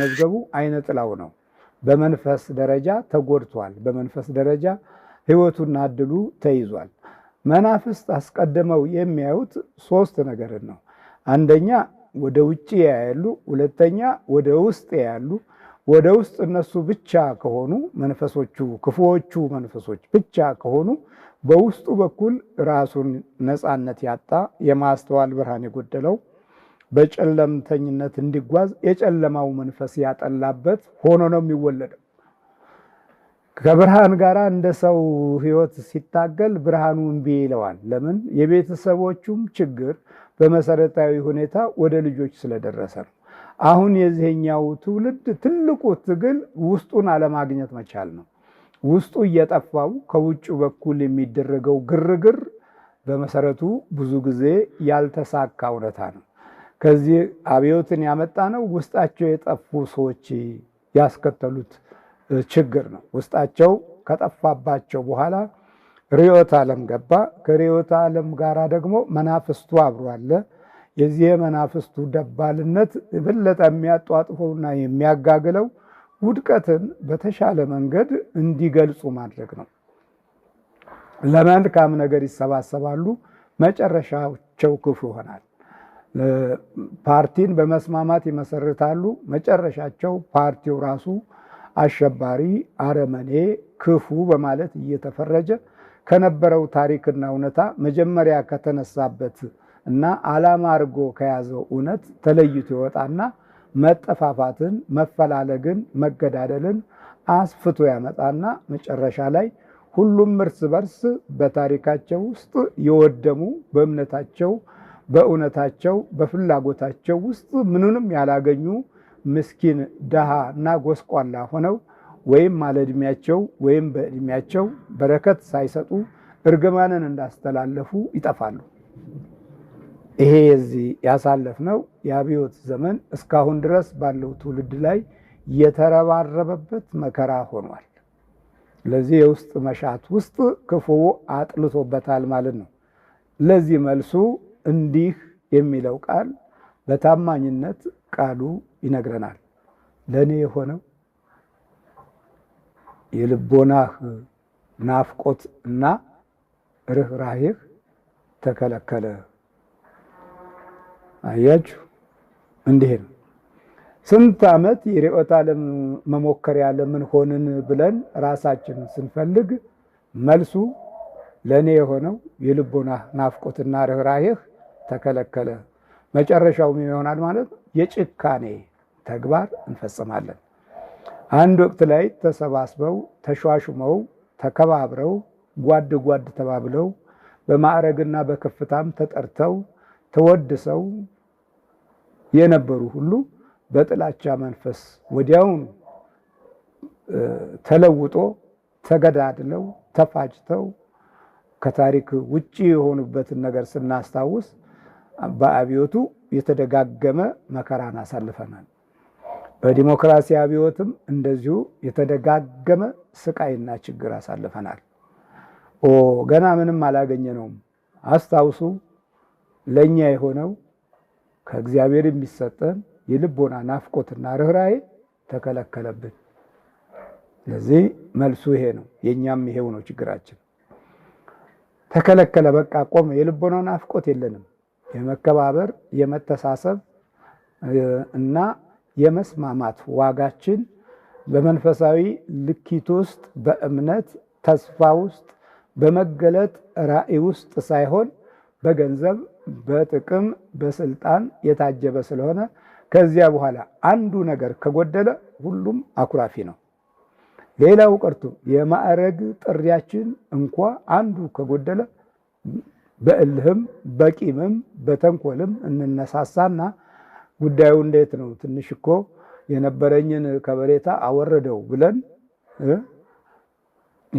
መዝገቡ አይነ ጥላው ነው። በመንፈስ ደረጃ ተጎድቷል። በመንፈስ ደረጃ ህይወቱና እድሉ ተይዟል። መናፍስት አስቀድመው የሚያዩት ሶስት ነገርን ነው። አንደኛ ወደ ውጭ ያያሉ፣ ሁለተኛ ወደ ውስጥ ያያሉ። ወደ ውስጥ እነሱ ብቻ ከሆኑ መንፈሶቹ ክፉዎቹ መንፈሶች ብቻ ከሆኑ በውስጡ በኩል ራሱን ነፃነት ያጣ የማስተዋል ብርሃን የጎደለው በጨለምተኝነት እንዲጓዝ የጨለማው መንፈስ ያጠላበት ሆኖ ነው የሚወለደው። ከብርሃን ጋር እንደ ሰው ሕይወት ሲታገል ብርሃኑ እምቢ ይለዋል። ለምን? የቤተሰቦቹም ችግር በመሰረታዊ ሁኔታ ወደ ልጆች ስለደረሰ ነው። አሁን የዚህኛው ትውልድ ትልቁ ትግል ውስጡን አለማግኘት መቻል ነው። ውስጡ እየጠፋው ከውጭ በኩል የሚደረገው ግርግር በመሰረቱ ብዙ ጊዜ ያልተሳካ እውነታ ነው። ከዚህ አብዮትን ያመጣ ነው ውስጣቸው የጠፉ ሰዎች ያስከተሉት ችግር ነው። ውስጣቸው ከጠፋባቸው በኋላ ርዕዮተ ዓለም ገባ። ከርዕዮተ ዓለም ጋር ደግሞ መናፍስቱ አብሮ አለ። የዚህ መናፍስቱ ደባልነት የበለጠ የሚያጧጥፈውና የሚያጋግለው ውድቀትን በተሻለ መንገድ እንዲገልጹ ማድረግ ነው። ለመልካም ነገር ይሰባሰባሉ፣ መጨረሻቸው ክፉ ይሆናል። ፓርቲን በመስማማት ይመሰርታሉ። መጨረሻቸው ፓርቲው ራሱ አሸባሪ፣ አረመኔ፣ ክፉ በማለት እየተፈረጀ ከነበረው ታሪክና እውነታ መጀመሪያ ከተነሳበት እና ዓላማ አድርጎ ከያዘው እውነት ተለይቶ ይወጣና መጠፋፋትን፣ መፈላለግን፣ መገዳደልን አስፍቶ ያመጣና መጨረሻ ላይ ሁሉም እርስ በርስ በታሪካቸው ውስጥ የወደሙ በእምነታቸው በእውነታቸው በፍላጎታቸው ውስጥ ምንንም ያላገኙ ምስኪን ድሃ እና ጎስቋላ ሆነው ወይም ማለዕድሜያቸው ወይም በዕድሜያቸው በረከት ሳይሰጡ እርግማንን እንዳስተላለፉ ይጠፋሉ። ይሄ የዚህ ያሳለፍነው የአብዮት ዘመን እስካሁን ድረስ ባለው ትውልድ ላይ የተረባረበበት መከራ ሆኗል። ለዚህ የውስጥ መሻት ውስጥ ክፉ አጥልቶበታል ማለት ነው። ለዚህ መልሱ እንዲህ የሚለው ቃል በታማኝነት ቃሉ ይነግረናል። ለእኔ የሆነው የልቦናህ ናፍቆት እና ርኅራሄህ ተከለከለ። አያችሁ፣ እንዲህ ነው። ስንት ዓመት የርዕዮተ ዓለም መሞከሪያ ለምን ሆንን ብለን ራሳችን ስንፈልግ መልሱ ለእኔ የሆነው የልቦናህ ናፍቆትና ርኅራሄህ ተከለከለ። መጨረሻው ይሆናል ማለት የጭካኔ ተግባር እንፈጽማለን። አንድ ወቅት ላይ ተሰባስበው ተሿሹመው ተከባብረው ጓድ ጓድ ተባብለው በማዕረግና በከፍታም ተጠርተው ተወድሰው የነበሩ ሁሉ በጥላቻ መንፈስ ወዲያውኑ ተለውጦ ተገዳድለው ተፋጭተው ከታሪክ ውጪ የሆኑበትን ነገር ስናስታውስ በአብዮቱ የተደጋገመ መከራን አሳልፈናል። በዲሞክራሲ አብዮትም እንደዚሁ የተደጋገመ ስቃይና ችግር አሳልፈናል። ኦ ገና ምንም አላገኘነውም። አስታውሱ ለእኛ የሆነው ከእግዚአብሔር የሚሰጠን የልቦና ናፍቆትና ርኅራዬ ተከለከለብን። ለዚህ መልሱ ይሄ ነው። የእኛም ይሄው ነው ችግራችን። ተከለከለ፣ በቃ ቆመ። የልቦና ናፍቆት የለንም። የመከባበር የመተሳሰብ እና የመስማማት ዋጋችን በመንፈሳዊ ልኪት ውስጥ በእምነት ተስፋ ውስጥ በመገለጥ ራዕይ ውስጥ ሳይሆን በገንዘብ በጥቅም በስልጣን የታጀበ ስለሆነ ከዚያ በኋላ አንዱ ነገር ከጎደለ ሁሉም አኩራፊ ነው። ሌላው ቀርቶ የማዕረግ ጥሪያችን እንኳ አንዱ ከጎደለ በእልህም በቂምም በተንኮልም እንነሳሳና ጉዳዩ እንዴት ነው ትንሽ እኮ የነበረኝን ከበሬታ አወረደው ብለን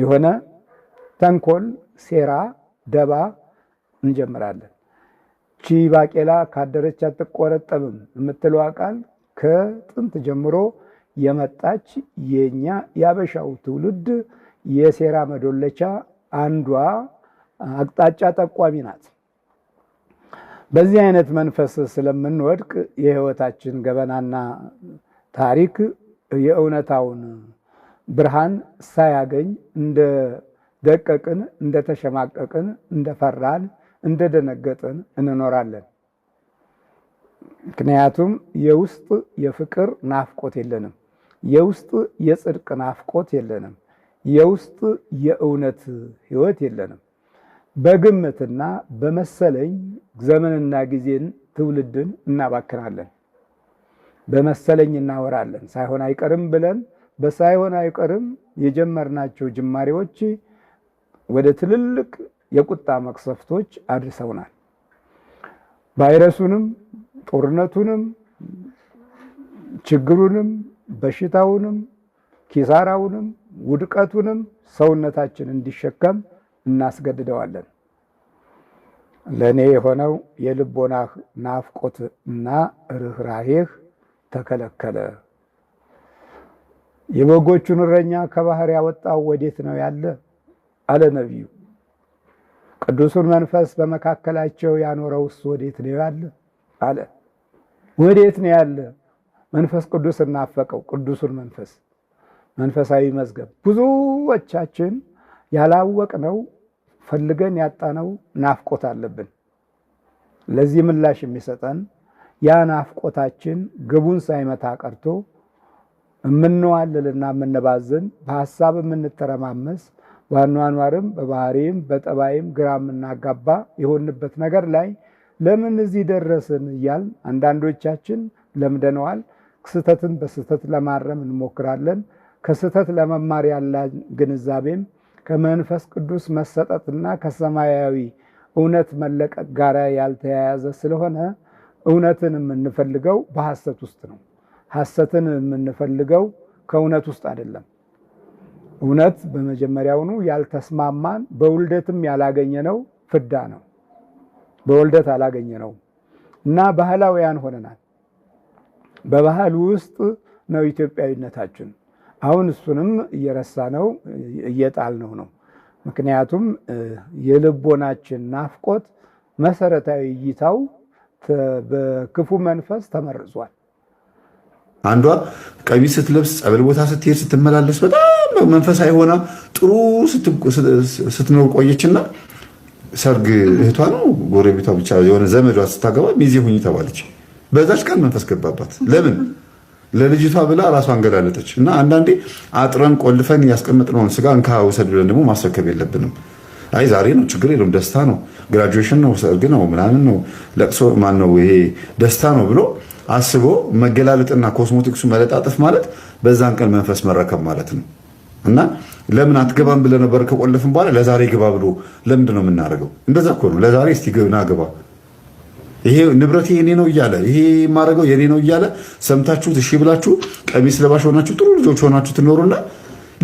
የሆነ ተንኮል፣ ሴራ፣ ደባ እንጀምራለን። ቺ ባቄላ ካደረች አትቆረጠምም የምትለዋ ቃል ከጥንት ጀምሮ የመጣች የኛ ያበሻው ትውልድ የሴራ መዶለቻ አንዷ አቅጣጫ ጠቋሚ ናት። በዚህ አይነት መንፈስ ስለምንወድቅ የህይወታችን ገበናና ታሪክ የእውነታውን ብርሃን ሳያገኝ እንደ ደቀቅን፣ ፈራን እንደፈራን፣ ደነገጥን እንኖራለን። ምክንያቱም የውስጥ የፍቅር ናፍቆት የለንም። የውስጥ የጽድቅ ናፍቆት የለንም። የውስጥ የእውነት ህይወት የለንም። በግምትና በመሰለኝ ዘመንና ጊዜን ትውልድን እናባክናለን። በመሰለኝ እናወራለን ሳይሆን አይቀርም ብለን በሳይሆን አይቀርም የጀመርናቸው ጅማሬዎች ወደ ትልልቅ የቁጣ መቅሰፍቶች አድርሰውናል። ቫይረሱንም ጦርነቱንም ችግሩንም በሽታውንም ኪሳራውንም ውድቀቱንም ሰውነታችን እንዲሸከም እናስገድደዋለን። ለእኔ የሆነው የልቦናህ ናፍቆት እና ርኅራሄህ ተከለከለ። የበጎቹን እረኛ ከባህር ያወጣው ወዴት ነው ያለ አለ ነቢዩ። ቅዱሱን መንፈስ በመካከላቸው ያኖረውስ ወዴት ነው ያለ አለ። ወዴት ነው ያለ? መንፈስ ቅዱስ እናፈቀው። ቅዱሱን መንፈስ መንፈሳዊ መዝገብ ብዙዎቻችን ያላወቅነው ፈልገን ያጣነው ናፍቆት አለብን። ለዚህ ምላሽ የሚሰጠን ያ ናፍቆታችን ግቡን ሳይመታ ቀርቶ የምንዋልልና የምንባዝን በሀሳብ የምንተረማመስ በአኗኗርም በባህሪም በጠባይም ግራ የምናጋባ የሆንበት ነገር ላይ ለምን እዚህ ደረስን እያል አንዳንዶቻችን ለምደነዋል። ክስተትን በስህተት ለማረም እንሞክራለን። ከስህተት ለመማር ያለን ግንዛቤም ከመንፈስ ቅዱስ መሰጠትና ከሰማያዊ እውነት መለቀቅ ጋር ያልተያያዘ ስለሆነ እውነትን የምንፈልገው በሐሰት ውስጥ ነው። ሐሰትን የምንፈልገው ከእውነት ውስጥ አይደለም። እውነት በመጀመሪያውኑ ያልተስማማን በውልደትም ያላገኘነው ፍዳ ነው። በውልደት አላገኘነውም እና ባህላውያን ሆነናል። በባህል ውስጥ ነው ኢትዮጵያዊነታችን። አሁን እሱንም እየረሳ ነው እየጣል ነው ነው። ምክንያቱም የልቦናችን ናፍቆት መሰረታዊ እይታው በክፉ መንፈስ ተመርዟል። አንዷ ቀቢ ስትለብስ ጸበል ቦታ ስትሄድ ስትመላለስ በጣም መንፈሳዊ ሆና ጥሩ ስትኖር ቆየችና ሰርግ እህቷ ነው ጎረቤቷ ብቻ የሆነ ዘመዷ ስታገባ ሚዜ ሁኝ ተባለች። በዛች ቀን መንፈስ ገባባት። ለምን ለልጅቷ ብላ ራሷን ገላለጠች። እና አንዳንዴ አጥረን ቆልፈን ያስቀመጥነውን ስጋ እንካ ውሰድ ብለን ደግሞ ማስረከብ የለብንም። አይ ዛሬ ነው ችግር የለም ደስታ ነው፣ ግራጁዌሽን ነው፣ ሰርግ ነው፣ ምናምን ነው፣ ለቅሶ ማን ነው ይሄ ደስታ ነው ብሎ አስቦ መገላለጥና ኮስሞቲክሱ መለጣጠፍ ማለት በዛን ቀን መንፈስ መረከብ ማለት ነው። እና ለምን አትገባም ብለህ ነበር ከቆለፍን በኋላ ለዛሬ ግባ ብሎ ለምንድን ነው የምናደርገው? እንደዛ እኮ ነው። ለዛሬ እስቲ ና ግባ ይሄ ንብረት የኔ ነው እያለ ይሄ የማደርገው የኔ ነው እያለ ሰምታችሁት እሺ ብላችሁ ቀሚስ ለባሽ ሆናችሁ ጥሩ ልጆች ሆናችሁ ትኖሩና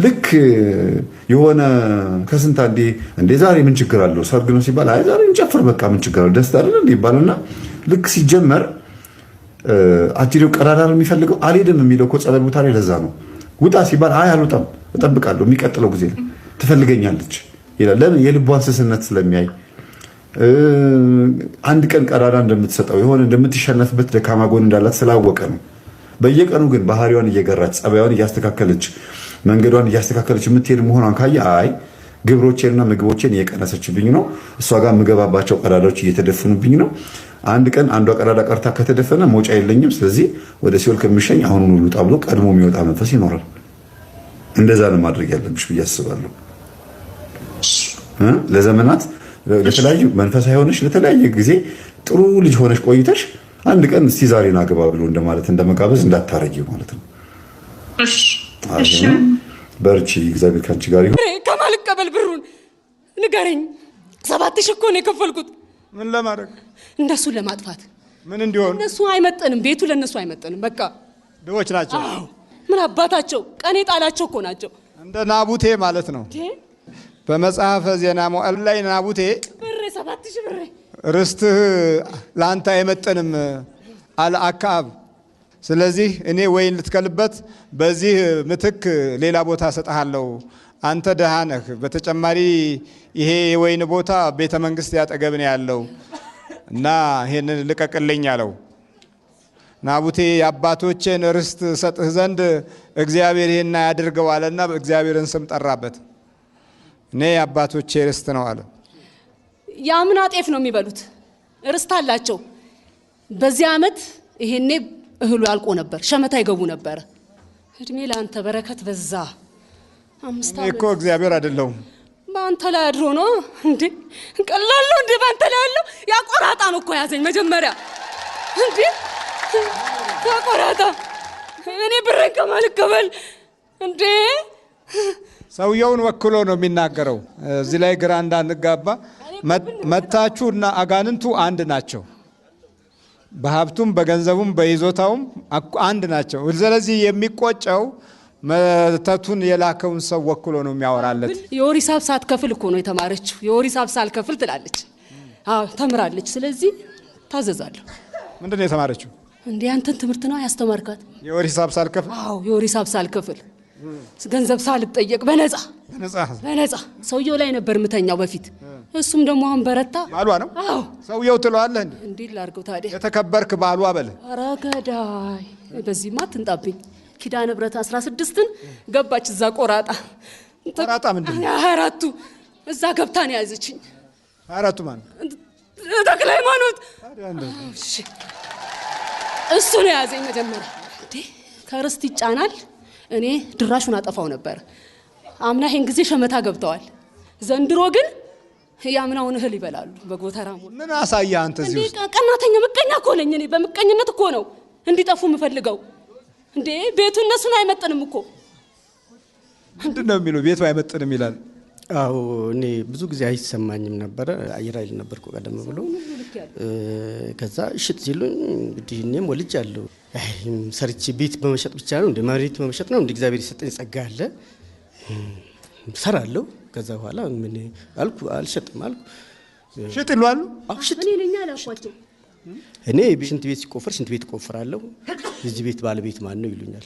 ልክ የሆነ ከስንት አንዴ እንዴ ዛሬ ምን ችግር አለው ሰርግ ነው ሲባል አይ ዛሬ እንጨፍር በቃ ምን ችግር አለው ደስታ አይደለ ይባልና ልክ ሲጀመር አትሌው ቀዳዳ ነው የሚፈልገው አልሄድም የሚለው እኮ ጸበል ቦታ ላይ ለዛ ነው ውጣ ሲባል አይ አልወጣም እጠብቃለሁ የሚቀጥለው ጊዜ ትፈልገኛለች ይላል ለምን የልቧን ስስነት ስለሚያይ አንድ ቀን ቀዳዳ እንደምትሰጠው የሆነ እንደምትሸነፍበት ደካማ ጎን እንዳላት ስላወቀ ነው። በየቀኑ ግን ባህሪዋን እየገራች ጸባይዋን እያስተካከለች መንገዷን እያስተካከለች የምትሄድ መሆኗን ካየ አይ ግብሮቼንና ምግቦቼን እየቀነሰችብኝ ነው፣ እሷ ጋር የምገባባቸው ቀዳዳዎች እየተደፈኑብኝ ነው። አንድ ቀን አንዷ ቀዳዳ ቀርታ ከተደፈነ መውጫ የለኝም፣ ስለዚህ ወደ ሲኦል ከሚሸኝ አሁኑን ውጣ ብሎ ቀድሞ የሚወጣ መንፈስ ይኖራል። እንደዛ ነው ማድረግ ያለብሽ ብዬ አስባለሁ። ለዘመናት ለተለያዩ መንፈሳዊ ሆነሽ ለተለያየ ጊዜ ጥሩ ልጅ ሆነሽ ቆይተሽ አንድ ቀን እስቲ ዛሬን አግባ ብሎ እንደማለት እንደመጋበዝ እንዳታረጊ ማለት ነው። በርቺ፣ እግዚአብሔር ከአንቺ ጋር ይሁን። ከማልቀበል ብሩን ንገረኝ። ሰባት ሺህ እኮ ነው የከፈልኩት። ምን ለማድረግ? እነሱን ለማጥፋት። ምን እንዲሆን? እነሱ አይመጠንም፣ ቤቱ ለእነሱ አይመጠንም። በቃ ድሆች ናቸው። ምን አባታቸው ቀኔ ጣላቸው እኮ ናቸው። እንደ ናቡቴ ማለት ነው። በመጽሐፈ ዜና መዋዕል ላይ ናቡቴ ርስትህ ለአንተ አይመጥንም አለ አክዓብ። ስለዚህ እኔ ወይን ልትከልበት በዚህ ምትክ ሌላ ቦታ ሰጠሃለሁ። አንተ ደሃ ነህ። በተጨማሪ ይሄ የወይን ቦታ ቤተ መንግስት ያጠገብ ነው ያለው እና ይሄንን ልቀቅልኝ አለው። ናቡቴ የአባቶቼን ርስት ሰጥህ ዘንድ እግዚአብሔር ይህን ያድርገዋልና እግዚአብሔርን ስም ጠራበት። እኔ የአባቶቼ ርስት ነው አለ። የአምና ጤፍ ነው የሚበሉት፣ ርስት አላቸው። በዚህ ዓመት ይሄኔ እህሉ ያልቆ ነበር፣ ሸመታ ይገቡ ነበር። እድሜ ለአንተ በረከት በዛ። አምስት እኮ እግዚአብሔር አይደለሁም በአንተ ላይ አድሮ ነው እንዴ? ቀላሉ እንዴ? በአንተ ላይ ያለው ያቆራጣ ነው እኮ ያዘኝ መጀመሪያ እንዴ ያቆራጣ እኔ ብረን ከማልቀበል እንዴ ሰውየውን ወክሎ ነው የሚናገረው። እዚህ ላይ ግራ እንዳንጋባ እና አጋንንቱ አንድ ናቸው። በሀብቱም በገንዘቡም በይዞታውም አንድ ናቸው። ስለዚህ የሚቆጨው መተቱን የላከውን ሰው ወክሎ ነው የሚያወራለት። የወር ሂሳብ ሳትከፍል እኮ ነው የተማረችው። የወር ሂሳብ ሳልከፍል ትላለች። ተምራለች። ስለዚህ ታዘዛለሁ። ምንድን ነው የተማረችው? እንዲህ አንተን ትምህርት ነው ያስተማርካት? የወር ሂሳብ ሳልከፍል። አዎ የወር ሂሳብ ሳልከፍል ገንዘብ ሳልጠየቅ በነጻ በነጻ ሰውየው ላይ ነበር ምተኛው በፊት። እሱም ደግሞ አሁን በረታ። ባሏ ነው? አዎ። ሰውየው ትለዋለህ እንዴ? እንዲህ ላርገው ታዲያ። የተከበርክ ባሏ በለ ኧረ ገዳይ፣ በዚህማ አትንጣብኝ። ኪዳነ ብረት አስራ ስድስትን ገባች እዛ ቆራጣ ቆራጣ ምንድን ነው? አራቱ እዛ ገብታን ያዘችኝ። የያዘችኝ። ሀያ አራቱ ማለት ተክለ ሃይማኖት እሱ ነው የያዘኝ መጀመሪያ። እንዴ ከርስት ይጫናል እኔ ድራሹን አጠፋው ነበር። አምና ይህን ጊዜ ሸመታ ገብተዋል። ዘንድሮ ግን ያምናውን እህል ይበላሉ። በጎተራ ምን አሳያ አንተ እዚህ ቀናተኛ ምቀኛ እኮ ነኝ እኔ። በምቀኝነት እኮ ነው እንዲጠፉ የምፈልገው። እንዴ ቤቱ እነሱን አይመጥንም እኮ ምንድን ነው የሚለው? ቤቱ አይመጥንም ይላል። አዎ እኔ ብዙ ጊዜ አይሰማኝም ነበረ። አየር ኃይል ነበርኩ ቀደም ብሎ። ከዛ እሽት ሲሉኝ እንግዲህ እኔም ወልጅ አለሁ ሰርቼ ቤት በመሸጥ ብቻ ነው እንደ መሬት በመሸጥ ነው እንደ እግዚአብሔር የሰጠኝ ጸጋ አለ። ሰራለሁ። ከዛ በኋላ ምን አልኩ፣ አልሸጥም አልኩ። ሽጥ ይሉ አሉ። እኔ ሽንት ቤት ሲቆፈር ሽንት ቤት ቆፍራለሁ። እዚህ ቤት ባለቤት ማን ነው ይሉኛል።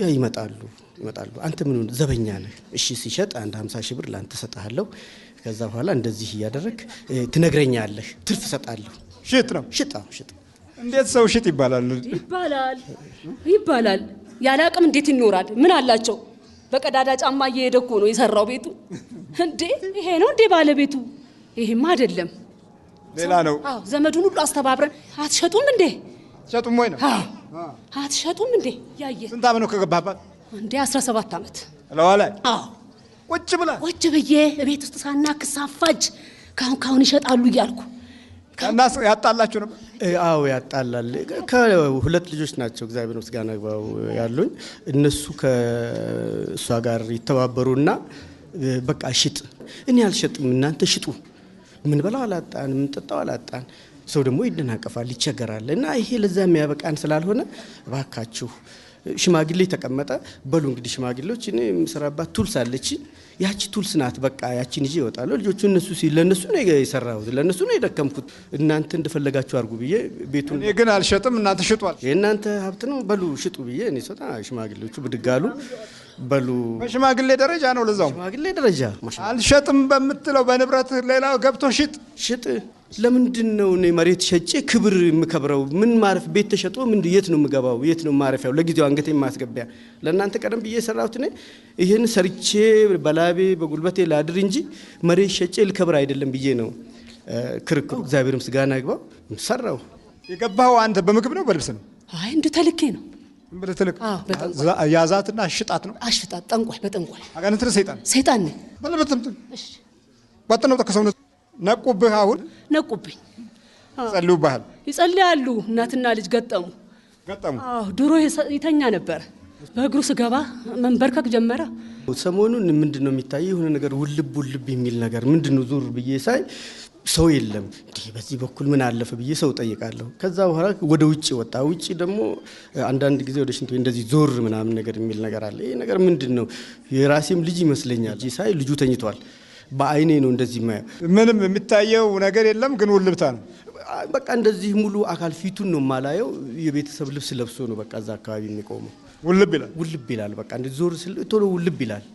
ያ ይመጣሉ ይመጣሉ። አንተ ምን ዘበኛ ነህ? እሺ ሲሸጥ አንድ 50 ሺህ ብር ላንተ ሰጥሃለሁ። ከዛ በኋላ እንደዚህ እያደረግ ትነግረኛለህ፣ ትርፍ ሰጣለሁ። ሽጥ ነው ሽጥ ሽጥ እንዴት ሰው ሽጥ ይባላል ይባላል ይባላል። ያለ አቅም እንዴት ይኖራል? ምን አላቸው? በቀዳዳ ጫማ እየሄደ እኮ ነው የሰራው ቤቱ። እንዴ ይሄ ነው እንዴ ባለቤቱ? ይሄማ አይደለም ሌላ ነው። ዘመዱን ሁሉ አስተባብረን አትሸጡም እንዴ? አትሸጡም ወይ ነው? አትሸጡም እንዴ? ያየ ስንት ዓመት ነው ከገባባት? እንዴ 17 ዓመት ለዋለ። አዎ ቁጭ ብላ ቁጭ ብዬ ቤት ውስጥ ሳና ክሳፋጅ ካሁን ካሁን ይሸጣሉ እያልኩ እና ያጣላችሁ ነበር? አዎ ያጣላል። ከሁለት ልጆች ናቸው እግዚአብሔር ምስጋና ግባው ያሉኝ። እነሱ ከእሷ ጋር ይተባበሩና በቃ ሽጥ፣ እኔ አልሸጥም፣ እናንተ ሽጡ። ምን በላው አላጣን፣ ምን ምንጠጣው አላጣን። ሰው ደግሞ ይደናቀፋል፣ ይቸገራል። እና ይሄ ለዛ የሚያበቃን ስላልሆነ እባካችሁ ሽማግሌ ተቀመጠ። በሉ እንግዲህ ሽማግሌዎች እኔ የምሰራባት ቱልስ አለች፣ ያቺ ቱልስ ናት። በቃ ያቺን ይዤ ይወጣሉ ልጆቹ እነሱ ሲል ለእነሱ ነው የሰራሁት፣ ለእነሱ ነው የደከምኩት። እናንተ እንደፈለጋችሁ አድርጉ ብዬ ቤቱን እኔ ግን አልሸጥም፣ እናንተ ሽጧል፣ የእናንተ ሀብት ነው፣ በሉ ሽጡ ብዬ እኔ ሰጣ ሽማግሌዎቹ ብድጋሉ በሉ በሽማግሌ ደረጃ ነው። ለዛው ሽማግሌ ደረጃ አልሸጥም በምትለው በንብረት ሌላ ገብቶ ሽጥ ሽጥ። ለምንድን ነው እኔ መሬት ሸጬ ክብር የምከብረው? ምን ማረፍ ቤት ተሸጦ ምን የት ነው የምገባው? የት ነው ማረፊያው? ለጊዜው አንገቴ ማስገቢያ ለእናንተ ቀደም ብዬ የሰራሁት እኔ ይህን ሰርቼ በላቤ በጉልበቴ ላድር እንጂ መሬት ሸጬ ልከብር አይደለም ብዬ ነው ክርክሩ። እግዚአብሔርም ምስጋና ይግባው ሰራው። የገባኸው አንተ በምግብ ነው በልብስ ነው? አይ እንደ ተልኬ ነው ብለህ ትልቅ ያዛትና አሽጣት ነው አሽጣት። ጠንቋይ በጠንቋይ አጋንንት ነህ፣ ሰይጣን ሰይጣን ነህ። ባለበትም ባጥነው ጠቅሰውነት ነቁብህ። አሁን ነቁብኝ። ይጸልዩብሃል። ይጸልያሉ። እናትና ልጅ ገጠሙ ገጠሙ። አዎ ድሮ ይተኛ ነበር። በእግሩ ስገባ መንበርከክ ጀመረ። ሰሞኑን ምንድን ነው የሚታየው? የሆነ ነገር ውልብ ውልብ የሚል ነገር ምንድን ነው? ዙር ብዬ ሳይ ሰው የለም። እንዲህ በዚህ በኩል ምን አለፈ ብዬ ሰው ጠይቃለሁ። ከዛ በኋላ ወደ ውጭ ወጣ። ውጭ ደግሞ አንዳንድ ጊዜ ወደ ሽንት እንደዚህ ዞር ምናምን ነገር የሚል ነገር አለ። ይህ ነገር ምንድን ነው? የራሴም ልጅ ይመስለኛል ሳይ ልጁ ተኝቷል። በአይኔ ነው እንደዚህ የማየው ምንም የሚታየው ነገር የለም፣ ግን ውልብታ ነው። በቃ እንደዚህ ሙሉ አካል ፊቱን ነው የማላየው። የቤተሰብ ልብስ ለብሶ ነው በቃ እዛ አካባቢ የሚቆመው። ውልብ ይላል፣ ውልብ ይላል። በቃ ዞር ስል ቶሎ ውልብ ይላል።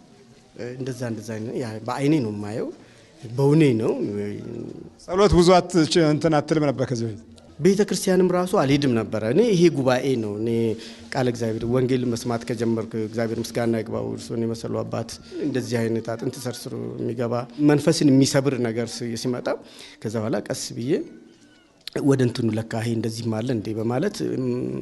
እንደዛ እንደዛ በአይኔ ነው የማየው። በውኔ ነው። ጸሎት ብዙ እንትን አትልም ነበር ከዚህ በፊት ቤተ ክርስቲያንም ራሱ አልሄድም ነበረ። እኔ ይሄ ጉባኤ ነው። እኔ ቃል እግዚአብሔር ወንጌል መስማት ከጀመርኩ እግዚአብሔር ምስጋና ይግባው። እርሱን የመሰሉ አባት እንደዚህ አይነት አጥንት ሰርስሮ የሚገባ መንፈስን የሚሰብር ነገር ሲመጣ ከዛ በኋላ ቀስ ብዬ ወደ እንትኑ ለካ ይሄ እንደዚህ ማለ እንዴ በማለት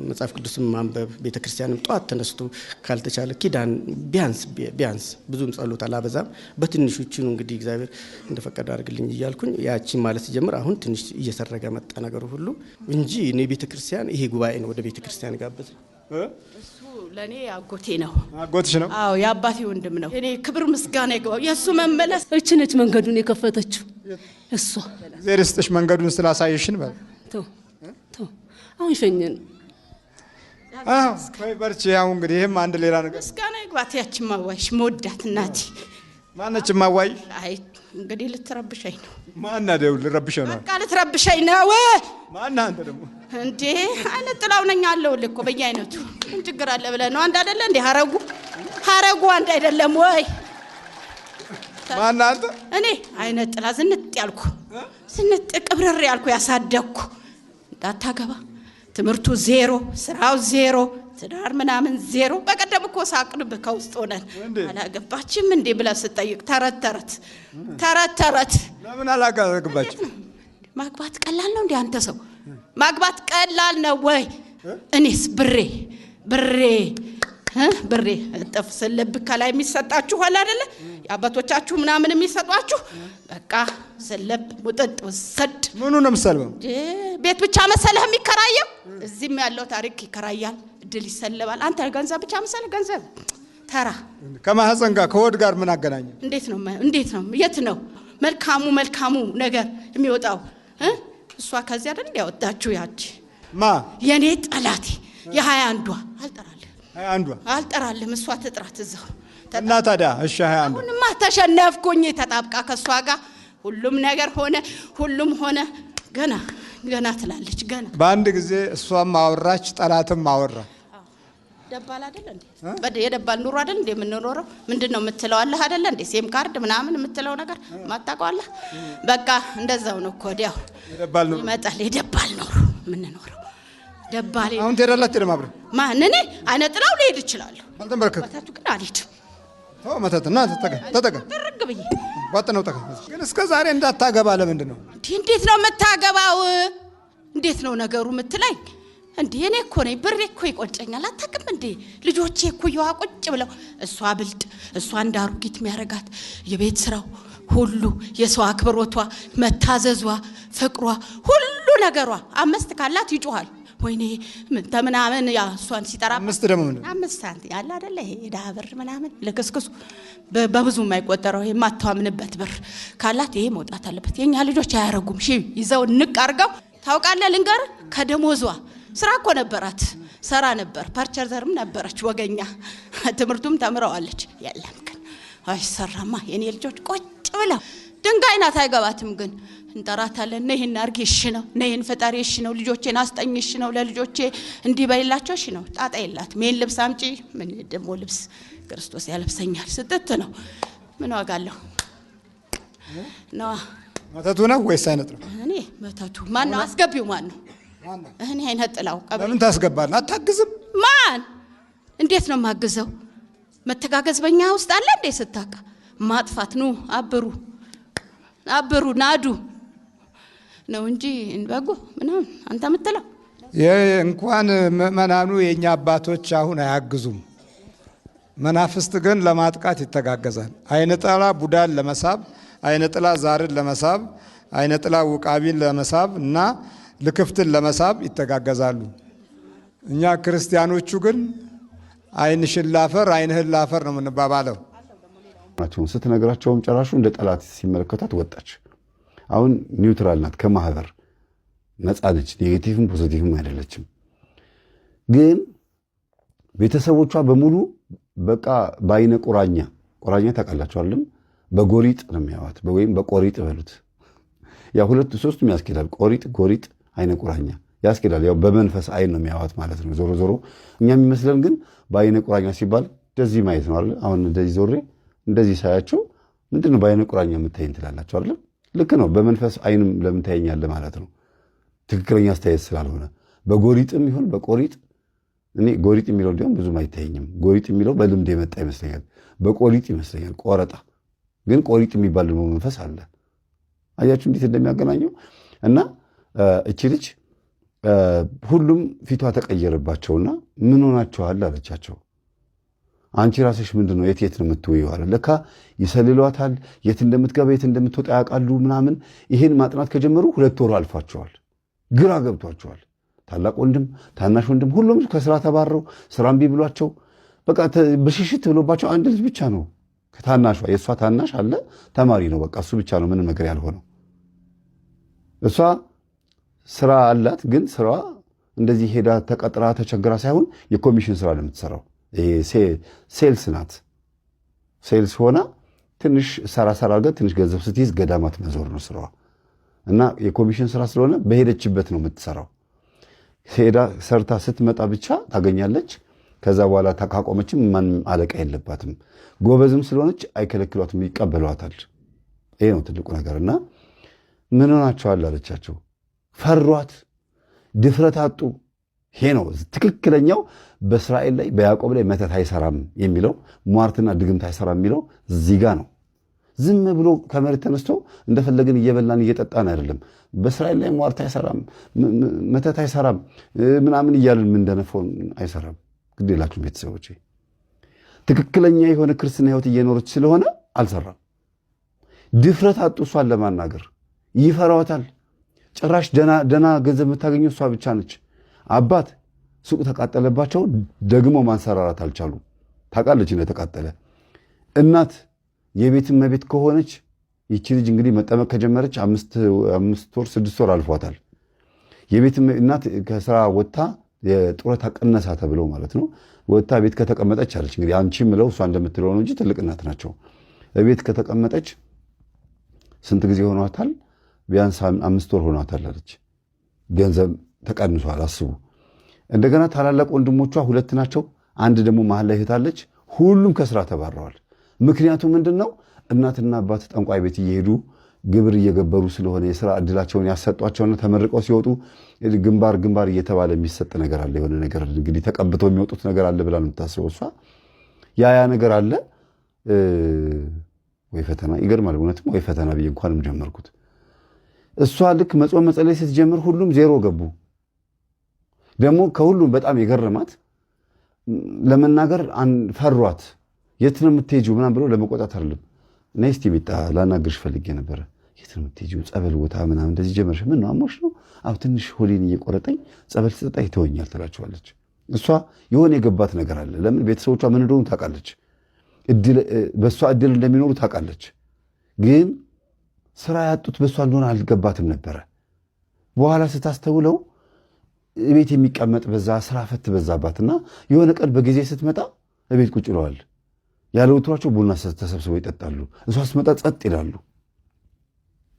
መጽሐፍ ቅዱስም ማንበብ ቤተ ክርስቲያንም ጠዋት ተነስቶ ካልተቻለ ኪዳን ቢያንስ ቢያንስ ብዙም ጸሎት አላበዛም በትንሹ እንግዲህ እግዚአብሔር እንደፈቀደ አድርግልኝ እያልኩኝ ያቺን ማለት ሲጀምር አሁን ትንሽ እየሰረገ መጣ ነገሩ ሁሉ እንጂ እኔ ቤተ ክርስቲያን ይሄ ጉባኤ ነው ወደ ቤተ ክርስቲያን ጋበዘ። ለእኔ አጎቴ ነው። አጎትሽ ነው? አዎ የአባቴ ወንድም ነው። እኔ ክብር ምስጋና ይገባው። የእሱ መመለስ እች ነች መንገዱን የከፈተችው እሷ። እግዜር ይስጥሽ መንገዱን ስላሳየሽን። በል አሁን ሸኘን። በርቺ። አሁን እንግዲህ ይህም አንድ ሌላ ነገር ምስጋና ይግባት። ያችን ማዋይሽ መወዳት እናቴ ማነች ማዋይ? አይ እንግዲህ ልትረብሸኝ ነው። ማና ደው ልረብሸው ነው። በቃ ልትረብሸኝ ነው። ማና አንተ ደግሞ እንዴ አይነት ጥላው ነኝ አለው እኮ በየአይነቱ ምን ችግር አለ ብለህ ነው? አንድ አይደለ እንዴ ሀረጉ ሀረጉ አንድ አይደለም ወይ? ማናንተ እኔ አይነት ጥላ ዝንጥ ያልኩ ዝንጥ ቅብርር ያልኩ ያሳደግኩ እንዳታገባ ትምህርቱ ዜሮ፣ ስራው ዜሮ፣ ትዳር ምናምን ዜሮ። በቀደም እኮ ሳቅንብ ከውስጥ ሆነን አላገባችም እንዴ ብለህ ስጠይቅ ተረት ተረት ተረት ተረት ለምን አላገባችም? ማግባት ቀላል ነው እንዴ አንተ ሰው ማግባት ቀላል ነው ወይ? እኔስ ብሬ ብሬ ብሬ እጥፍ ስልብ ከላይ የሚሰጣችሁ ኋላ አይደለ የአባቶቻችሁ ምናምን የሚሰጧችሁ በቃ ስልብ ሙጥጥ ውሰድ ምኑ ነው ምሳል ቤት ብቻ መሰለህ የሚከራየው እዚህም ያለው ታሪክ ይከራያል እድል ይሰልባል አንተ ገንዘብ ብቻ መሰለህ ገንዘብ ተራ ከማህፀን ጋር ከወድ ጋር ምን አገናኘ እንዴት ነው እንዴት ነው የት ነው መልካሙ መልካሙ ነገር የሚወጣው እሷ ከዚህ አይደል ያወጣችሁ ያቺ ማ የኔ ጠላቴ የሀያ አንዷ አልጠራልህም፣ ሀያ አንዷ አልጠራልህም። እሷ ትጥራት እዛው እና ታዲያ እሺ፣ ሀያ አንዷ አሁንማ ተሸነፍኩኝ። ተጣብቃ ከእሷ ጋር ሁሉም ነገር ሆነ፣ ሁሉም ሆነ። ገና ገና ትላለች ገና በአንድ ጊዜ እሷም አወራች፣ ጠላትም አወራ። ደባል አይደለ እንዴ? የደባል ኑሮ አይደል እንዴ የምንኖረው? ምንድን ነው የምትለው አለህ አይደለ እንዴ? ሴም ካርድ ምናምን የምትለው ነገር ማታውቀው በቃ እንደዛው ነው እኮ ወዲያው ይመጣል። የደባል ኑሮ የምንኖረው ደባል። አሁን ትሄዳላችሁ ደግሞ አብረን ማን? እኔ አይነጥላው ልሄድ እችላለሁ። አልተንበረከክም። መተቱ ግን አልሄድም። ኦ መተት እና ተጠጋ ተጠጋ ትርግ ብዬ ወጥ ነው። ጠጋ ግን እስከ ዛሬ እንዳታገባ ለምንድን ነው እንዴት ነው የምታገባው? እንዴት ነው ነገሩ የምትለኝ እንዴ እኔ እኮ ነኝ ብሬ እኮ ይቆጨኛል። አታውቅም እንዴ ልጆቼ እኮ የዋ ቁጭ ብለው እሷ ብልጥ እሷ እንደ አሮጊት የሚያረጋት የቤት ስራው ሁሉ የሰው አክብሮቷ፣ መታዘዟ፣ ፍቅሯ፣ ሁሉ ነገሯ አምስት ካላት ይጮኋል። ወይኔ ተምናምን ያ እሷን ሲጠራ አምስት ደግሞ ምን አምስት ሳንቲም ያለ አደለ ይሄ ዳ ብር ምናምን ልክስክሱ በብዙ የማይቆጠረው የማተዋምንበት ብር ካላት ይሄ መውጣት አለበት። የኛ ልጆች አያረጉም። ሺ ይዘው እንቅ አርገው ታውቃለህ። ልንገር ከደሞዟ ስራ እኮ ነበራት፣ ሰራ ነበር። ፓርቸርዘርም ነበረች፣ ወገኛ ትምህርቱም ተምረዋለች። የለም ግን አይሰራማ። የኔ ልጆች ቁጭ ብለው ድንጋይ ናት፣ አይገባትም ግን እንጠራታለን። ነይ ይህን አርጊ፣ እሺ ነው። ነይ ይህን ፈጣሪ፣ እሺ ነው። ልጆቼን አስጠኝ፣ እሺ ነው። ለልጆቼ እንዲህ በሌላቸው፣ እሺ ነው። ጣጣ የላትም። ይህን ልብስ አምጪ፣ ምን ደግሞ ልብስ ክርስቶስ ያለብሰኛል ስጥት ነው። ምን ዋጋ አለው ነዋ። መተቱ ነው ወይስ አይነት ነው? እኔ መተቱ ማን ነው? አስገቢው ማን ነው? እኔ አይነት ጥላው ለምን ታስገባል? አታግዝም? ማን እንዴት ነው ማግዘው? መተጋገዝ በእኛ ውስጥ አለ እንዴ? ስታቃ ማጥፋት ኑ አብሩ አብሩ ናዱ ነው እንጂ በጎ ምናምን አንተ ምትለው እንኳን ምእመናኑ የእኛ አባቶች አሁን አያግዙም። መናፍስት ግን ለማጥቃት ይተጋገዛል። አይነ ጥላ ቡዳን ለመሳብ፣ አይነ ዛርን ለመሳብ፣ አይነ ውቃቢን ለመሳብ እና ልክፍትን ለመሳብ ይተጋገዛሉ። እኛ ክርስቲያኖቹ ግን አይን ላፈር ዓይንህን ላፈር ነው የምንባባለው። ስትነግራቸውም ጨራሹ እንደ ጠላት ሲመለከቷት ወጣች። አሁን ኒውትራል ናት፣ ከማህበር ነፃ ነች። ኔጌቲቭም ፖዚቲቭም አይደለችም። ግን ቤተሰቦቿ በሙሉ በቃ በአይነ ቁራኛ ቁራኛ ታውቃላችኋልም፣ በጎሪጥ ነው የሚያዋት ወይም በቆሪጥ በሉት ያ ሁለቱ ሶስቱም ያስኬዳል። ቆሪጥ ጎሪጥ አይነ ቁራኛ ያስኬዳል። ያው በመንፈስ አይን ነው የሚያዋት ማለት ነው። ዞሮ ዞሮ እኛ የሚመስለን ግን በአይነ ቁራኛ ሲባል እንደዚህ ማየት ነው አይደል? አሁን እንደዚህ ዞሬ እንደዚህ ሳያቸው ምንድን ነው በአይነ ቁራኛ የምታይን ትላላቸው አይደል? ልክ ነው። በመንፈስ አይንም ለምን ታየኛለህ ማለት ነው። ትክክለኛ አስተያየት ስላልሆነ በጎሪጥም ይሁን በቆሪጥ እኔ ጎሪጥ የሚለው እንዲሁም ብዙም አይታየኝም። ጎሪጥ የሚለው በልምድ የመጣ ይመስለኛል። በቆሪጥ ይመስለኛል። ቆረጣ ግን ቆሪጥ የሚባል ደግሞ መንፈስ አለ። አያችሁ እንዴት እንደሚያገናኘው እና እቺ ልጅ ሁሉም ፊቷ ተቀየረባቸውና ምን ሆናችኋል አለቻቸው። አንቺ ራስሽ ምንድን ነው የት የት ነው የምትውይው? አለ ለካ ይሰልሏታል። የት እንደምትገባ የት እንደምትወጣ ያውቃሉ ምናምን። ይህን ማጥናት ከጀመሩ ሁለት ወሩ አልፏቸዋል። ግራ ገብቷቸዋል። ታላቅ ወንድም፣ ታናሽ ወንድም ሁሉም ከስራ ተባረው ስራ እምቢ ብሏቸው በቃ ብሽሽት ብሎባቸው አንድ ልጅ ብቻ ነው ከታናሿ የእሷ ታናሽ አለ ተማሪ ነው። በቃ እሱ ብቻ ነው ምንም ነገር ያልሆነው እሷ ስራ አላት። ግን ስራ እንደዚህ ሄዳ ተቀጥራ ተቸግራ ሳይሆን የኮሚሽን ስራ ነው የምትሰራው። ሴልስ ናት። ሴልስ ሆና ትንሽ ሰራ ሰራ አድርጋ ትንሽ ገንዘብ ስትይዝ ገዳማት መዞር ነው ስራዋ እና የኮሚሽን ስራ ስለሆነ በሄደችበት ነው የምትሰራው። ሄዳ ሰርታ ስትመጣ ብቻ ታገኛለች። ከዛ በኋላ ካቆመችም ማንም አለቃ የለባትም። ጎበዝም ስለሆነች አይከለክሏትም፣ ይቀበሏታል። ይሄ ነው ትልቁ ነገር እና ምን ሆናችኋል አለቻቸው። ፈሯት፣ ድፍረት አጡ። ይሄ ነው ትክክለኛው በእስራኤል ላይ በያዕቆብ ላይ መተት አይሰራም የሚለው ሟርትና ድግምት አይሰራም የሚለው ዚጋ ነው። ዝም ብሎ ከመሬት ተነስቶ እንደፈለግን እየበላን እየጠጣን አይደለም። በእስራኤል ላይ ሟርት አይሰራም፣ መተት አይሰራም ምናምን እያልን የምንደነፈውን አይሰራም። ግድ የላችሁም ቤተሰቦች፣ ትክክለኛ የሆነ ክርስትና ሕይወት እየኖረች ስለሆነ አልሰራም። ድፍረት አጡ እሷን ለማናገር ይፈራዋታል። ጭራሽ ደና ገንዘብ የምታገኘ እሷ ብቻ ነች። አባት ሱቅ ተቃጠለባቸው፣ ደግሞ ማንሰራራት አልቻሉ ታውቃለች እንደተቃጠለ። እናት የቤትን መቤት ከሆነች ይቺ ልጅ እንግዲህ መጠመቅ ከጀመረች አምስት ወር ስድስት ወር አልፏታል። የቤት እናት ከስራ ወጥታ የጡረታ ቅነሳ ተብለው ማለት ነው ወጥታ ቤት ከተቀመጠች አለች። እንግዲህ አንቺ ምለው እሷ እንደምትለው ነው እንጂ ትልቅ እናት ናቸው። ቤት ከተቀመጠች ስንት ጊዜ ሆኗታል? ቢያንስ አምስት ወር ሆኗታል ገንዘብ ተቀንሷል። አስቡ። እንደገና ታላላቅ ወንድሞቿ ሁለት ናቸው። አንድ ደግሞ መሀል ላይ እህት ሁሉም ከስራ ተባረዋል። ምክንያቱ ምንድን ነው? እናትና አባት ጠንቋይ ቤት እየሄዱ ግብር እየገበሩ ስለሆነ የስራ እድላቸውን ያሰጧቸውና ተመርቀው ሲወጡ ግንባር ግንባር እየተባለ የሚሰጥ ነገር አለ። የሆነ ነገር እንግዲህ ተቀብተው የሚወጡት ነገር አለ ብላ ነው የምታስበው እሷ። ያ ያ ነገር አለ ወይ ፈተና። ይገርማል እውነትም ወይ ፈተና ብዬ እንኳንም ጀመርኩት። እሷ ልክ መጾም መጸለይ ስትጀምር ሁሉም ዜሮ ገቡ። ደግሞ ከሁሉም በጣም የገረማት ለመናገር ፈሯት። የት ነው የምትሄጂው ምናም ብሎ ለመቆጣት አይደለም። እና እስቲ ቤጣ ላናግርሽ ፈልጌ ነበረ። የት ነው የምትሄጂው? ጸበል ቦታ ምናምን እንደዚህ ጀመርሽ? ምን ነው አሞሽ ነው? አሁ ትንሽ ሆዴን እየቆረጠኝ ጸበል ስጠጣ ይተወኛል ትላቸዋለች። እሷ የሆነ የገባት ነገር አለ። ለምን ቤተሰቦቿ ምን እንደሆኑ ታውቃለች። በእሷ እድል እንደሚኖሩ ታውቃለች ግን ስራ ያጡት በእሷ እንደሆነ አልገባትም ነበረ። በኋላ ስታስተውለው ቤት የሚቀመጥ በዛ፣ ስራ ፈት በዛባትና የሆነ ቀን በጊዜ ስትመጣ ቤት ቁጭ ይለዋል። ያለ ወትሯቸው ቡና ተሰብስበው ይጠጣሉ። እሷ ስትመጣ ጸጥ ይላሉ።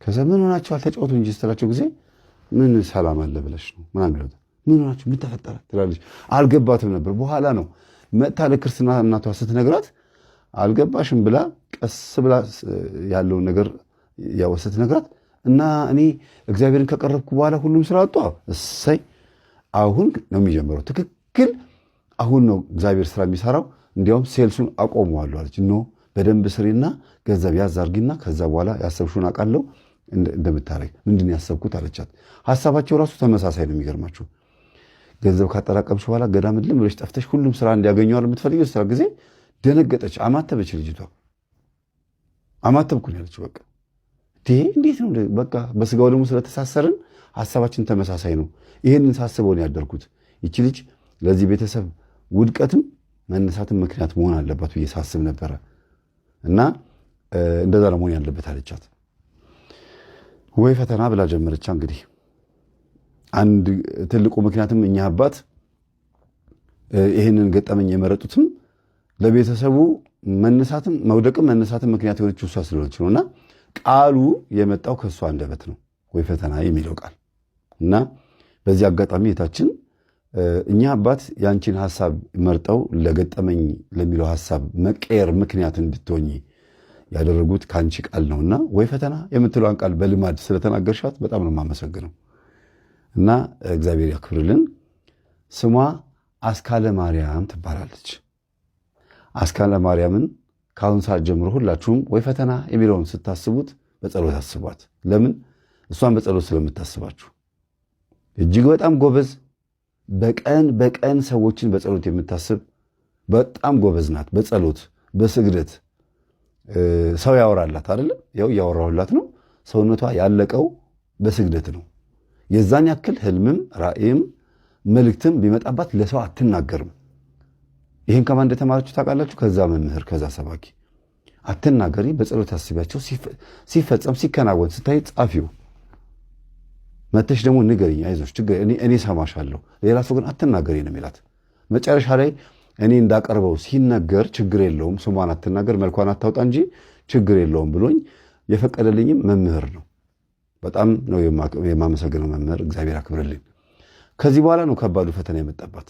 ከዛ ምን ሆናቸው አልተጫወቱ እንጂ ስትላቸው ጊዜ ምን ሰላም አለ ብለሽ ነው ምናምን ይሉታል። ምን ሆናችሁ ምን ተፈጠረ ትላለች። አልገባትም ነበር። በኋላ ነው መጥታ ለክርስትና እናቷ ስትነግራት አልገባሽም ብላ ቀስ ብላ ያለውን ነገር ያው ስትነግራት እና እኔ እግዚአብሔርን ከቀረብኩ በኋላ ሁሉም ስራ አጧ። እሰይ አሁን ነው የሚጀምረው። ትክክል አሁን ነው እግዚአብሔር ስራ የሚሰራው። እንዲያውም ሴልሱን አቆመዋለሁ አለች። ኖ በደንብ ስሪና ገንዘብ ያዝ አድርጊና ከዛ በኋላ ያሰብሽውን አውቃለሁ እንደምታረግ ምንድን ያሰብኩት አለቻት። ሀሳባቸው ራሱ ተመሳሳይ ነው። የሚገርማችሁ ገንዘብ ካጠራቀምሽ በኋላ ገዳም እልም ብለሽ ጠፍተሽ ሁሉም ስራ እንዲያገኘዋል የምትፈልጊው ስራ ጊዜ ደነገጠች። አማተበች ልጅቷ። አማተብኩን ያለች በቃ እንዴት ነው በቃ በስጋው ደግሞ ስለተሳሰርን ሀሳባችን ተመሳሳይ ነው። ይህንን ነው ያደርኩት ይቺ ልጅ ለዚህ ቤተሰብ ውድቀትም መነሳትም ምክንያት መሆን አለባት ብዬ ሳስብ ነበረ እና እንደዛ ለመሆን ያለበት አለቻት። ወይ ፈተና ብላ ጀመረቻ። እንግዲህ አንድ ትልቁ ምክንያትም እኛ አባት ይህንን ገጠመኝ የመረጡትም ለቤተሰቡ መነሳትም መውደቅም መነሳትም ምክንያት የሆነች እሷ ስለሆነች ነው እና ቃሉ የመጣው ከእሱ አንደበት ነው ወይ ፈተና የሚለው ቃል እና በዚህ አጋጣሚ የታችን እኛ አባት ያንቺን ሀሳብ መርጠው ለገጠመኝ ለሚለው ሀሳብ መቀየር ምክንያት እንድትሆኝ ያደረጉት ከአንቺ ቃል እና ወይ ፈተና የምትለዋን ቃል በልማድ ስለተናገርሻት በጣም ነው የማመሰግነው እና እግዚአብሔር ያክብርልን። ስሟ አስካለ ማርያም ትባላለች። አስካለ ማርያምን ከአሁን ሰዓት ጀምሮ ሁላችሁም ወይ ፈተና የሚለውን ስታስቡት በጸሎት አስቧት። ለምን እሷን በጸሎት ስለምታስባችሁ። እጅግ በጣም ጎበዝ፣ በቀን በቀን ሰዎችን በጸሎት የምታስብ በጣም ጎበዝ ናት። በጸሎት በስግደት ሰው ያወራላት አይደለም። ያው እያወራሁላት ነው። ሰውነቷ ያለቀው በስግደት ነው። የዛን ያክል ህልምም ራእይም መልእክትም ቢመጣባት ለሰው አትናገርም። ይህን ከማን እንደተማራችሁ ታውቃላችሁ? ከዛ መምህር ከዛ ሰባኪ። አትናገሪ፣ በጸሎት አስቢያቸው። ሲፈጸም ሲከናወን ስታይ ጻፊው መተሽ ደግሞ ንገሪኝ፣ አይዞሽ፣ ችግር እኔ ሰማሻለሁ። ሌላ ሰው ግን አትናገሪ ነው የሚላት። መጨረሻ ላይ እኔ እንዳቀርበው ሲነገር ችግር የለውም ስሟን አትናገር መልኳን አታውጣ እንጂ ችግር የለውም ብሎኝ የፈቀደልኝም መምህር ነው። በጣም ነው የማመሰግነው መምህር፣ እግዚአብሔር አክብርልኝ። ከዚህ በኋላ ነው ከባዱ ፈተና የመጣባት።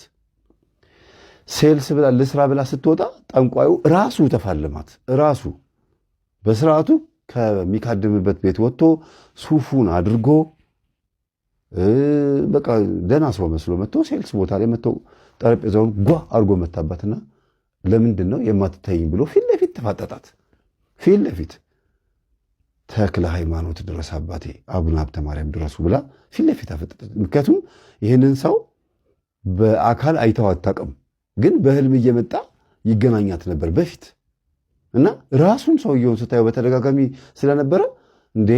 ሴልስ ብላ ልስራ ብላ ስትወጣ ጠንቋዩ ራሱ ተፋልማት ራሱ በስርዓቱ ከሚካድምበት ቤት ወጥቶ ሱፉን አድርጎ በቃ ደህና ሰው መስሎ መጥቶ ሴልስ ቦታ ላይ መጥቶ ጠረጴዛውን ጓ አድርጎ መታባትና ለምንድን ነው የማትታይኝ ብሎ ፊት ለፊት ተፋጠጣት። ፊት ለፊት ተክለ ሃይማኖት ድረስ አባቴ አቡነ ሀብተ ማርያም ድረሱ ብላ ፊት ለፊት አፈጠጠች። ምክንያቱም ይህንን ሰው በአካል አይተው አታውቅም። ግን በህልም እየመጣ ይገናኛት ነበር በፊት እና ራሱን ሰውየውን ስታየው በተደጋጋሚ ስለነበረ እንዴ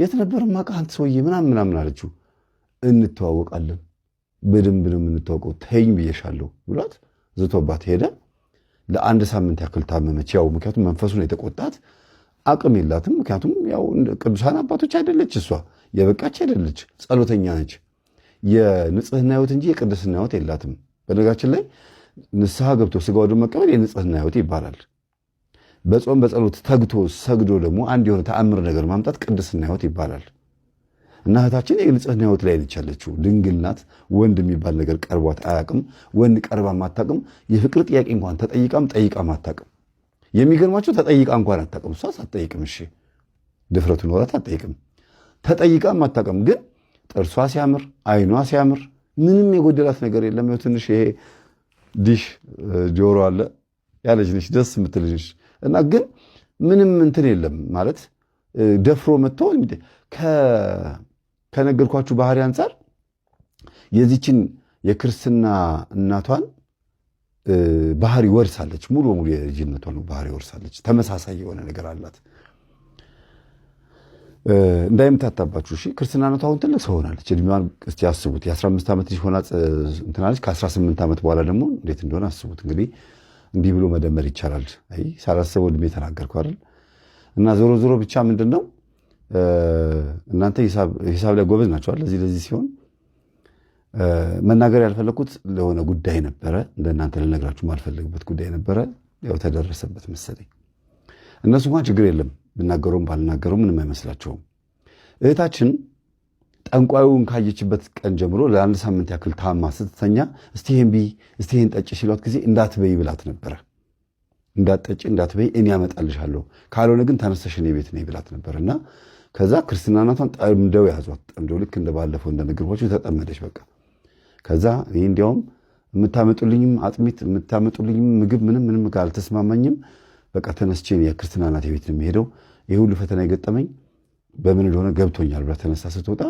የት ነበር ማቃ አንተ ሰውዬ ምናምን ምናምን አለችው። እንተዋወቃለን በደንብ ነው የምንታወቀው፣ ተይኝ ብዬሻለሁ ብሏት ዝቶባት ሄደ። ለአንድ ሳምንት ያክል ታመመች። ያው ምክንያቱም መንፈሱ ነው የተቆጣት፣ አቅም የላትም። ምክንያቱም ያው ቅዱሳን አባቶች አይደለች፣ እሷ የበቃች አይደለች፣ ጸሎተኛ ነች። የንጽህና ህይወት እንጂ የቅድስና ህይወት የላትም። በነጋችን ላይ ንስሐ ገብቶ ስጋ ወደሙን መቀበል የንጽህና ህይወት ይባላል። በጾም በጸሎት ተግቶ ሰግዶ ደግሞ አንድ የሆነ ተአምር ነገር ማምጣት ቅድስና ህይወት ይባላል። እና እህታችን የንጽህና ህይወት ላይ ነች ያለችው። ድንግል ናት። ወንድ የሚባል ነገር ቀርቧት አያቅም። ወንድ ቀርባ ማታቅም። የፍቅር ጥያቄ እንኳን ተጠይቃም ጠይቃ ማታቅም። የሚገርማቸው ተጠይቃ እንኳን አታቅም። እሷ ሳትጠይቅም እሺ፣ ድፍረቱ ኖራት አትጠይቅም። ተጠይቃ ማታቅም። ግን ጥርሷ ሲያምር፣ አይኗ ሲያምር፣ ምንም የጎደላት ነገር የለም። ትንሽ ይሄ ዲሽ ጆሮ አለ ያለች ልጅ ደስ የምትል ልጅ እና ግን ምንም እንትን የለም ማለት ደፍሮ መጥቶ ከነገርኳችሁ ባህሪ አንጻር የዚችን የክርስትና እናቷን ባህሪ ወርሳለች። ሙሉ በሙሉ የልጅነቷን ባህሪ ወርሳለች። ተመሳሳይ የሆነ ነገር አላት። እንዳይምታታባችሁ እሺ። ክርስትናነቱ አሁን ትልቅ ሰው ሆናለች። እድሜዋን እስቲ አስቡት። የ15 ዓመት ልጅ ሆና እንትናለች። ከ18 ዓመት በኋላ ደግሞ እንዴት እንደሆነ አስቡት። እንግዲህ እንዲህ ብሎ መደመር ይቻላል። አይ ሳላስበው እድሜ ተናገርኩ አይደል? እና ዞሮ ዞሮ ብቻ ምንድን ነው እናንተ ሂሳብ ላይ ጎበዝ ናቸዋል። ለዚህ ለዚህ ሲሆን መናገር ያልፈለግኩት ለሆነ ጉዳይ ነበረ፣ እንደናንተ ልነግራችሁ ማልፈልግበት ጉዳይ ነበረ። ያው ተደረሰበት መሰለኝ። እነሱ እንኳን ችግር የለም ብናገሩም ባልናገሩ ምንም አይመስላቸውም። እህታችን ጠንቋዩን ካየችበት ቀን ጀምሮ ለአንድ ሳምንት ያክል ታማ ስትተኛ እስቲ ይህን ብይ፣ እስቲ ይህን ጠጪ ሲሏት ጊዜ እንዳትበይ ብላት ነበረ። እንዳትጠጭ፣ እንዳትበይ፣ እኔ ያመጣልሻለሁ፣ ካልሆነ ግን ተነስተሽ እኔ ቤት ብላት ነበር እና ከዛ ክርስትናናቷን ጠምደው ያዟት። ጠምደው ልክ እንደባለፈው እንደነገርኳቸው ተጠመደች። በቃ ከዛ እኔ እንዲያውም የምታመጡልኝም አጥሚት የምታመጡልኝም ምግብ ምንም ምንም አልተስማማኝም በቃ ተነስቼ የክርስትና እናቴ ቤት ነው የሚሄደው። ይህ ሁሉ ፈተና የገጠመኝ በምን እንደሆነ ገብቶኛል ብላ ተነሳ ስትወጣ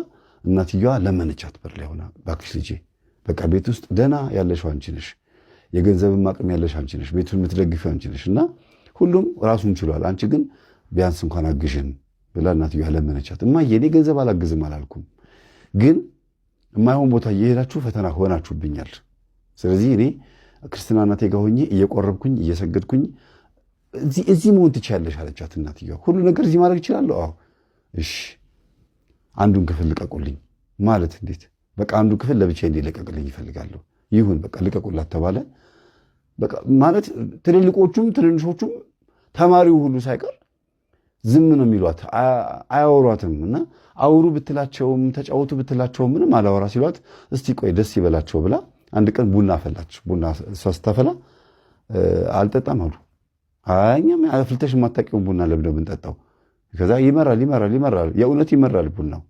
እናትየዋ ለመነቻት በር ላይ ሆና እባክሽ ልጄ በቃ ቤት ውስጥ ደህና ያለሽው አንቺ ነሽ፣ የገንዘብም አቅም ያለሽ አንቺ ነሽ፣ ቤቱን የምትደግፊው አንቺ ነሽ እና ሁሉም ራሱን ችሏል። አንቺ ግን ቢያንስ እንኳን አግዥን ብላ እናትየዋ ለመነቻት። እማዬ እኔ ገንዘብ አላግዝም አላልኩም፣ ግን የማይሆን ቦታ እየሄዳችሁ ፈተና ሆናችሁብኛል። ስለዚህ እኔ ክርስትና እናቴ ጋር ሆኜ እየቆረብኩኝ እየሰገድኩኝ እዚህ መሆን ትችያለሽ አለቻት እናትየዋ። ሁሉ ነገር እዚህ ማድረግ እችላለሁ? አዎ። እሺ አንዱን ክፍል ልቀቁልኝ ማለት እንዴት? በቃ አንዱ ክፍል ለብቻ እንዲለቀቅልኝ ይፈልጋለሁ። ይሁን በቃ ልቀቁላት ተባለ። ማለት ትልልቆቹም ትንንሾቹም ተማሪው ሁሉ ሳይቀር ዝም ነው የሚሏት፣ አያወሯትም። እና አውሩ ብትላቸውም ተጫወቱ ብትላቸውም ምንም አላወራ ሲሏት፣ እስቲ ቆይ ደስ ይበላቸው ብላ አንድ ቀን ቡና ፈላች። ቡና እሷ ስታፈላ አልጠጣም አሉ እኛም አፍልተሽ የማታውቂውን ቡና ለምደው የምንጠጣው። ከዛ ይመራል ይመራል ይመራል፣ የእውነት ይመራል ቡናው።